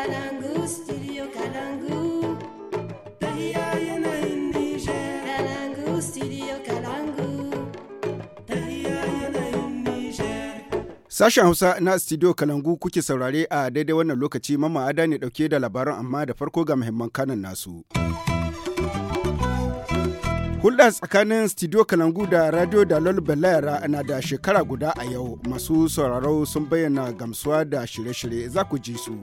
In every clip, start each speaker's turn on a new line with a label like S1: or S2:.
S1: Kalangu,
S2: Sashen Hausa na studio Kalangu kuke saurare a daidai wannan lokaci mamma ada ne dauke da labaran amma da farko ga muhimman kanan nasu. Hulɗa tsakanin Studio Kalangu da Radio Dalol Belayara na da shekara guda a yau masu sauraro sun bayyana gamsuwa da shirye-shirye za ku ji su.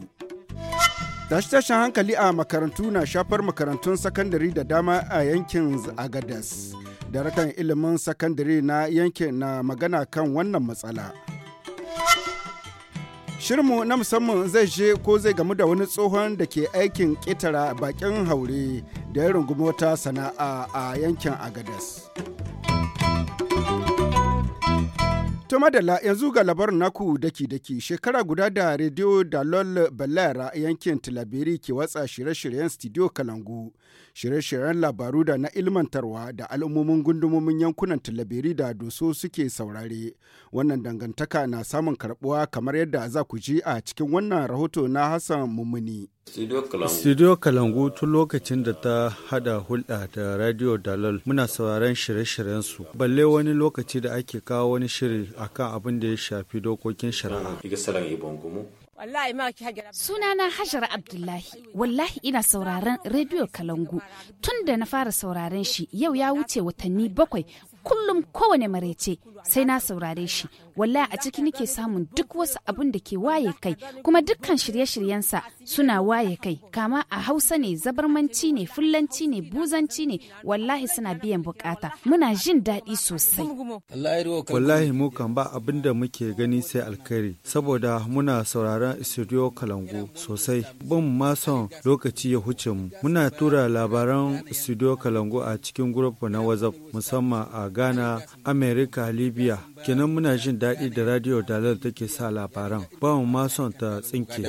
S2: tashi tashen hankali a makarantu na shafar makarantun sakandare da dama a yankin Agadas. rakan ilimin sakandare na yankin na magana kan wannan matsala. Shirmu na musamman zai je ko zai gamu da wani tsohon da ke aikin ƙetara bakin haure da ya rungumi wata sana'a a yankin Agadas. To madalla yanzu ga labarin naku daki-daki shekara guda da rediyo da lol Balera yankin tilabiri ke watsa shirye-shiryen studio Kalangu. shirye-shiryen labaru da na ilmantarwa da al'ummomin gundumomin yankunan talabiri da Doso suke saurare. Wannan dangantaka na samun karbuwa kamar yadda za ku ji a cikin wannan rahoto na Hassan Mummuni.
S3: Studio Kalangu tun lokacin da ta hada hulɗa da Radio Dalal muna sauraron shirye-shiryen su. Balle wani lokaci da ake kawo wani shiri akan abin da ya shafi dokokin shari'a.
S1: sunana hajara abdullahi wallahi ina sauraron rediyo kalangu tun da na fara sauraron shi yau ya wuce watanni bakwai kullum kowane marece sai na saurare shi wallahi a ciki nake samun duk wasu abun da ke waye kai kuma dukkan shirye-shiryensa suna waye kai kama a hausa ne zabarmanci ne fullanci ne buzanci ne wallahi suna biyan bukata muna jin daɗi sosai
S3: wallahi mu kan ba abin da muke gani sai alkhairi saboda muna sauraron studio kalangu sosai bin ma son lokaci ya huce mu muna tura labaran studio kalangu a cikin grup na whatsapp musamman a Ghana, Amerika, Libya. Kenan muna jin daɗi da Radio Dalar take sa labaran. Ba mu ma son ta tsinke.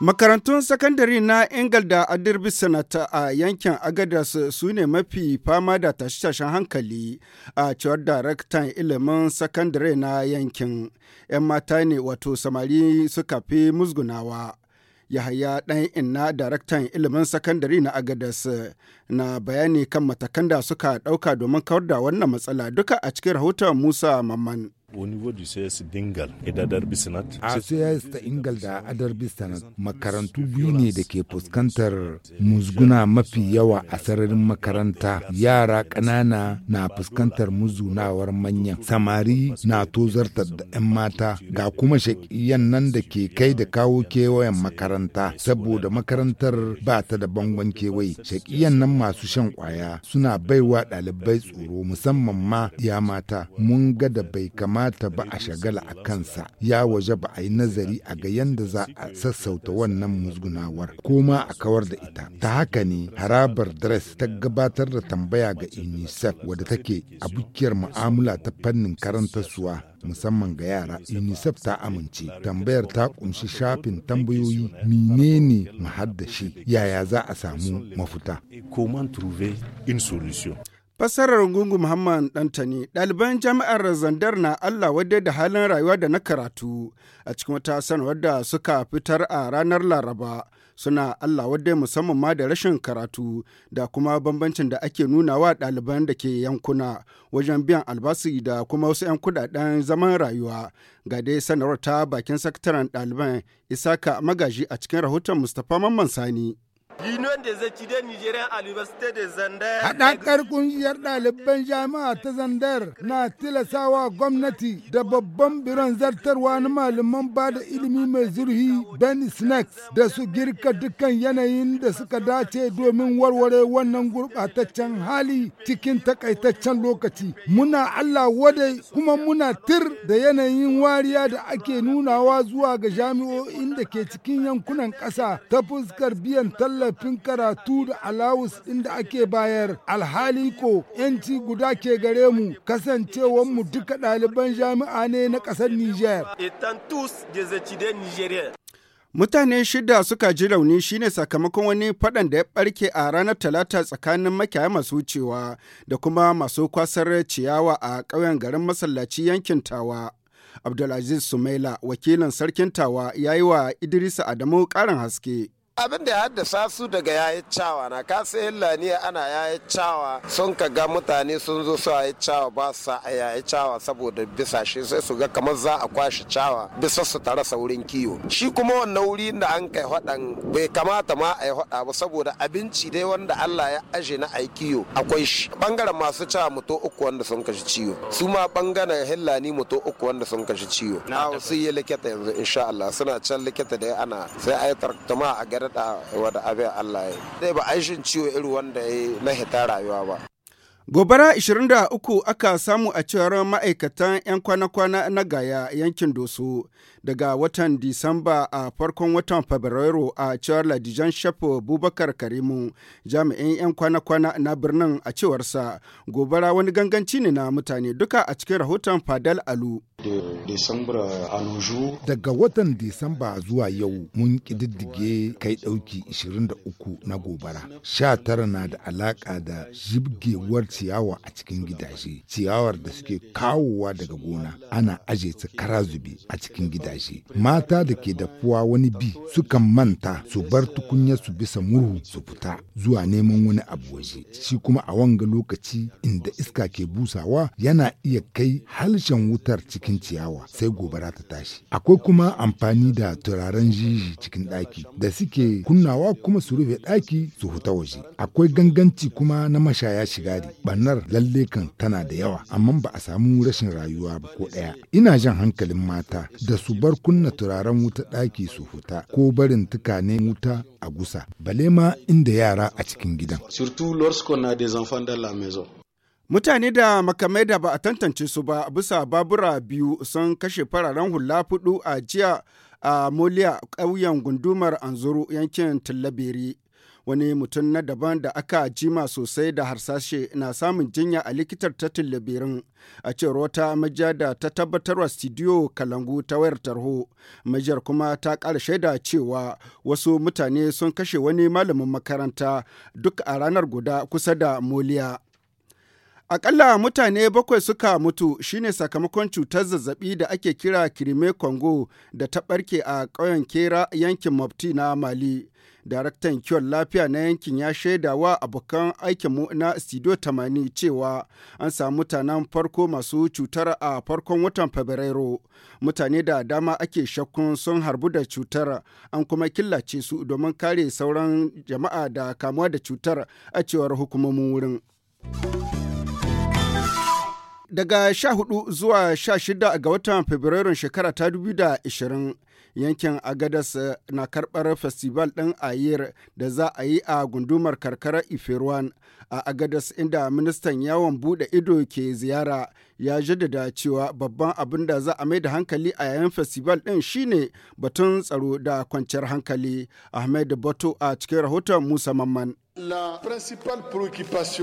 S2: Makarantun sakandare na Engal da Adirbi Sanata a yankin Agadas su ne mafi fama da tashe-tashen hankali a cewar daraktan ilimin sakandare na yankin. 'Yan mata ne wato samari suka fi musgunawa. Yahaya ɗan inna daraktan ilimin sakandare na Agadas na bayani kan matakan da suka ɗauka domin kawar da wannan matsala duka a cikin rahoton Musa Mamman. A
S4: CIS ta Ingal da Adar Bisanat makarantu biyu ne da ke fuskantar musguna mafi yawa a sararin makaranta. Yara ƙanana na fuskantar muzunawar manyan. Samari na tozarta da 'yan mata ga kuma shaƙiyan nan da ke kai da kawo kewayen makaranta. Saboda makarantar ba ta da bangon kewaye. Shaƙiyan nan masu shan ƙwaya suna baiwa ɗalibai tsoro musamman ma ya mata. Mun ga da bai kama kamata ba a shagala a kansa ya waje ba a yi nazari a ga yadda za a sassauta wannan musgunawar ko ma a kawar da ita ta haka ne harabar dress ta gabatar da tambaya ga unicef wadda take bukiyar mu'amala ta fannin karantarsuwa musamman ga yara unicef ta amince tambayar ta kunshi shafin tambayoyi menene muhaddashi yaya za a samu mafuta
S2: Fassarar Gungu Muhammad Dantani, ɗaliban jami'ar Zandar na Allah wadda da halin rayuwa da na karatu a cikin wata sanarwar da suka fitar a ranar Laraba. Suna Allah wadda musamman ma da rashin karatu da kuma bambancin da ake nuna wa ɗaliban da ke yankuna wajen biyan albasi da kuma wasu 'yan kuɗaɗen zaman rayuwa. Ga dai sanarwar ta bakin sakataren ɗaliban Isaka Magaji a cikin rahoton Mustapha
S4: Mamman Sani. Haɗakar ƙungiyar ɗaliban jami'a ta Zandar na tilasawa gwamnati da babban biran zartarwa na malaman ba da ilimi mai zurhi Ben Snacks da su girka dukkan yanayin da suka dace domin warware wannan gurɓataccen hali cikin takaitaccen lokaci. Muna Allah wadai kuma muna tir da yanayin wariya da ake nunawa zuwa ga jami'o'in da ke cikin yankunan ƙasa ta fuskar biyan tallar tallafin karatu da alawus ɗin da ake bayar alhali ko 'yanci guda ke gare mu kasancewar mu duka ɗaliban jami'a ne na ƙasar Nijar. Mutane shida suka
S2: ji rauni shine sakamakon wani faɗan da ya ɓarke a ranar Talata tsakanin makiyaya masu wucewa da kuma masu kwasar ciyawa a ƙauyen garin masallaci yankin Tawa. Abdulaziz Sumaila, wakilin sarkin Tawa, ya yi wa Idrisa Adamu ƙarin haske. abin da ya haddasa su daga yayi cawa na ka sai laniya ana yayi cawa sun ka ga mutane sun zo su yayi cawa ba sa a yayi cawa saboda bisa shi sai su ga kamar za a kwashi cawa bisa su tara saurin kiwo shi kuma wannan wuri da an kai hadan bai kamata ma a yi hada ba saboda abinci dai wanda Allah ya aje na ayi kiwo akwai shi bangaren masu cawa mutu uku wanda sun kashi ciwo su ma bangaren hillani mutu uku wanda sun kashi ciwo na su yi likita yanzu insha Allah suna can likita da ana sai tarkata ma a garin daɗa wada abin Allah ya. Zai ba aishin ciwo irin wanda ya na hita rayuwa ba. Gobara 23 aka samu a cewar ma'aikatan 'yan kwana-kwana na gaya yankin Doso daga watan Disamba a farkon watan Fabrairu a cewar Ladijan Shafo Bubakar Karimu jami'in 'yan kwana-kwana na birnin a cewarsa gobara wani ganganci ne na mutane duka a cikin rahoton Fadal Alu.
S4: Daga watan Disamba zuwa yau mun ƙididdige kai ɗauki 23 na gobara. 19 na da alaƙa da jibgewar ciyawa a cikin gidaje ciyawar da suke kawowa daga gona ana aje ta kara zube a cikin gidaje mata da ke dafuwa wani bi sukan manta su bar tukunya su bisa murhu su fita zuwa neman wani abu waje shi kuma a wanga lokaci inda iska ke busawa yana iya kai halshen wutar cikin ciyawa sai gobara ta tashi akwai kuma amfani da turaren jiji cikin ɗaki da suke kunnawa kuma su rufe ɗaki su huta waje akwai ganganci kuma na mashaya shigari bannar lalle kan tana da yawa amma ba a samu rashin rayuwa ba ko ɗaya ina jan hankalin mata da su bar kunna turaren wuta ɗaki su huta ko barin tukane wuta a gusa bale ma inda yara a cikin gidan
S2: surtout lorsqu'on a des enfants dans la maison Mutane da makamai da ba a tantance su ba bisa babura biyu sun kashe fararen hula fudu a jiya a Moliya ƙauyen gundumar Anzuru yankin Tillaberi. wani mutum na daban da aka jima sosai da harsashe na samun jinya a likitar ta tilibirin a cewar wata majiya da ta tabbatarwa studio kalangu ta wayar tarho majiyar kuma ta ƙara shaida cewa wasu mutane sun kashe wani malamin makaranta duk a ranar guda kusa da moliya Akalla mutane bakwai suka mutu shine sakamakon cutar zazzabi da ake kira Kirime Congo da ta ɓarke a ƙauyen Kera yankin mafti na Mali. Daraktan kiwon lafiya na yankin ya shaida wa abokan aikinmu na Studio 80 cewa an samu mutanen farko masu cutar a farkon watan Fabrairu. Mutane da dama ake shakkun sun harbu da cutar an kuma killace su domin kare sauran jama'a da kamuwa da cutar a cewar hukumomin wurin. Daga sha hudu zuwa sha shida ga watan Fabrairun shekara ta da ashirin, yankin Agadas eh, na karɓar festival ɗin Ayir da za a yi a gundumar karkarar ifirwan a Agadas inda ministan yawon buɗe ido ke ziyara ya jaddada cewa babban abin da za a mai da hankali a yayin festival ɗin shine batun tsaro da kwanciyar hankali. Ahmed
S4: Bato a cikin rahoton Musa Mamman.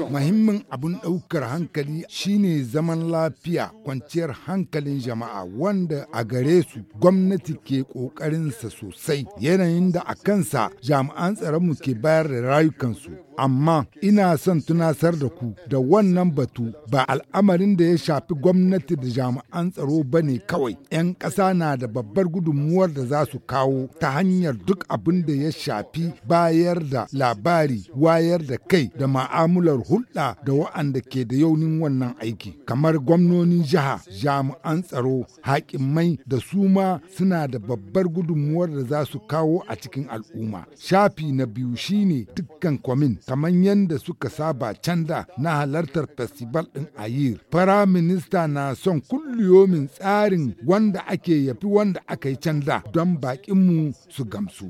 S4: Mahimmin abin ɗaukar hankali shine zaman lafiya kwanciyar hankalin jama'a wanda a gare su gwamnati ke ƙoƙarinsa sosai yanayin da a kansa jami'an tsaronmu ke bayar da rayukansu. Amma ina son tunasar da ku da wannan batu ba al'amarin da ya shafi fi gwamnati da jami'an tsaro ba ne kawai. 'Yan ƙasa na da babbar gudunmuwar da za su kawo ta hanyar duk abin da ya shafi bayar da labari, wayar da kai da ma'amular hulɗa da wa'anda ke da yaunin wannan aiki. Kamar gwamnonin jiha, jami'an tsaro, mai da su ma suna da babbar gudunmuwar da za su kawo a cikin al'umma. Shafi na biyu shine dukkan kwamin kamar yadda suka saba canza na halartar festival ɗin Ayir. Firamin minista na son kulliyomin tsarin wanda ake yafi wanda aka yi canza don baƙinmu su gamsu.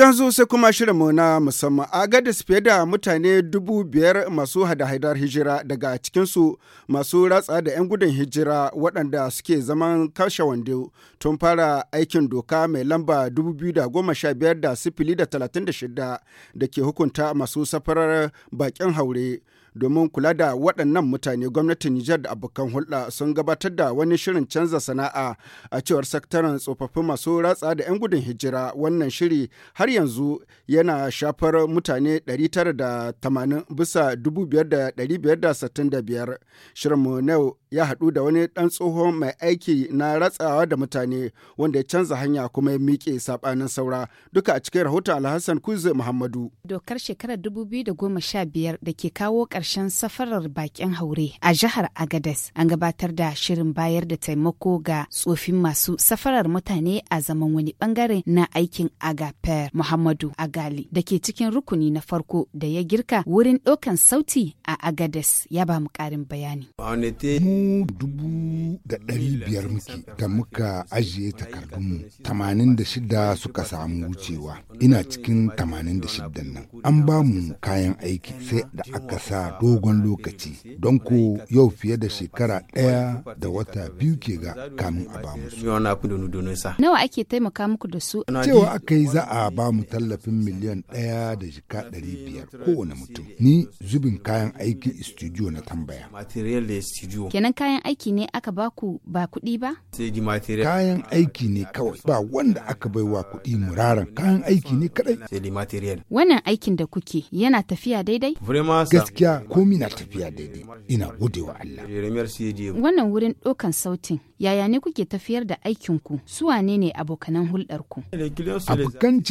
S2: yanzu sai kuma shirinmu na musamman agadis fiye da mutane dubu biyar masu hada-hadar hijira daga cikinsu masu ratsa da 'yan gudun hijira waɗanda suke zaman kashe wando tun fara aikin doka mai lamba 2015 da sifili da 36 da ke hukunta masu safarar bakin haure domin kula da waɗannan mutane gwamnatin Nijar da abokan hulɗa sun gabatar da wani shirin canza sana'a a cewar sakataren tsofaffin masu ratsa da 'yan gudun hijira wannan shiri har yanzu yana shafar mutane 980 bisa 5,565 shirin mu ya haɗu da wani ɗan tsohon mai aiki na ratsawa da mutane wanda ya canza hanya kuma ya miƙe saɓanin saura duka a cikin rahoton alhassan kuzi muhammadu
S1: dokar shekarar 2015 da ke kawo ƙarshen safarar bakin haure a jihar Agadez an gabatar da shirin bayar da taimako ga tsofin masu safarar mutane a zaman wani bangare na aikin Agaper Muhammadu Agali da ke cikin rukuni na farko da ya girka wurin ɗaukan sauti a Agades ya ba mu ƙarin bayani.
S4: Mu dubu da ɗari biyar muke da muka ajiye takardunmu tamanin da shida suka samu wucewa ina cikin tamanin da shidan nan. An ba mu kayan aiki sai da aka sa dogon lokaci don ko yau fiye da shekara ɗaya da wata biyu ke ga kamun
S3: a ba musu.
S1: Nawa ake taimaka muku da su? Cewa
S4: aka yi za a ba mu tallafin miliyan ɗaya da jika ɗari biyar kowane mutum. Ni zubin kayan aikin studio na tambaya.
S3: da
S4: Kenan
S1: kayan aiki ne aka baku ba kuɗi ba?
S4: Kayan aiki ne kawai ba wanda aka bai wa kuɗi muraren kayan aiki ne
S1: kadai. Wannan aikin da kuke yana tafiya daidai?
S4: Gaskiya komi na tafiya daidai ina gode wa Allah.
S2: Wannan
S1: wurin ɗaukan sautin yaya ne kuke tafiyar da aikinku su wane ne abokanan hulɗarku? abokan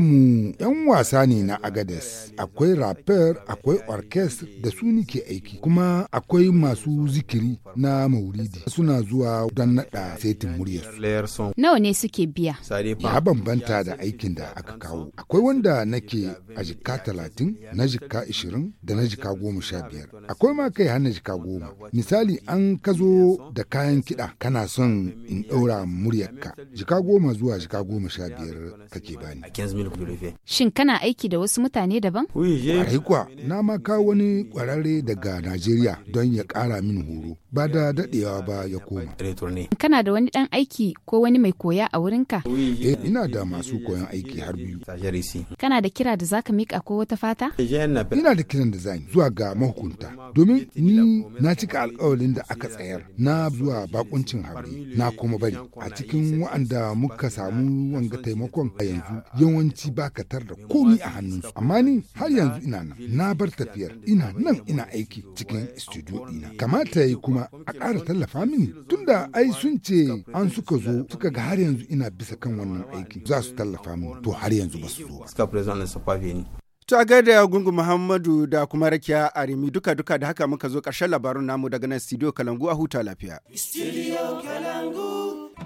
S4: mu 'yan wasa ne na agades akwai rapper akwai orchestra da su nike aiki kuma akwai masu zikiri na mauridi suna zuwa don naɗa setin muryarsu nawa
S1: ne suke biya
S4: ya bambanta da aikin da aka kawo akwai wanda nake a jika talatin na jika ishirin da na jika goma sha biyar akwai ma kai hana jika goma misali an kazo da kayan kiɗa kana son in ɗaura muryarka jika goma zuwa jika goma sha biyar kake bani.
S1: Shin kana aiki da wasu mutane daban?
S4: Kwarai kuwa na ma kawo wani kwararre daga Najeriya don ya ƙara min horo ba da daɗewa ba ya koma.
S1: Kana da wani ɗan aiki ko wani mai koya a wurinka?
S4: Eh ina da masu koyon aiki har biyu.
S1: Kana da kira da zaka mika ko wata fata?
S4: Ina da kiran da zan zuwa ga mahukunta domin ni na cika alƙawarin da aka tsayar na zuwa bakuncin rashin haɗu na kuma bari a cikin wa'anda muka samu wanga taimakon a yanzu yawanci baka tar da komi a hannunsu amma ni har yanzu ina nan na bar tafiyar ina nan ina aiki cikin studio ɗina kamata yi kuma a ƙara tallafa mini tunda ai sun ce an suka zo suka ga har yanzu ina bisa kan wannan aiki za su tallafa mini to har yanzu ba su zo ba Ta gaida gungu Muhammadu da kuma rakiya a Rimi duka-duka
S2: da haka muka zo karshen labarun namu daga nan studio Kalangu a huta lafiya.
S3: Studio
S1: Kalangu.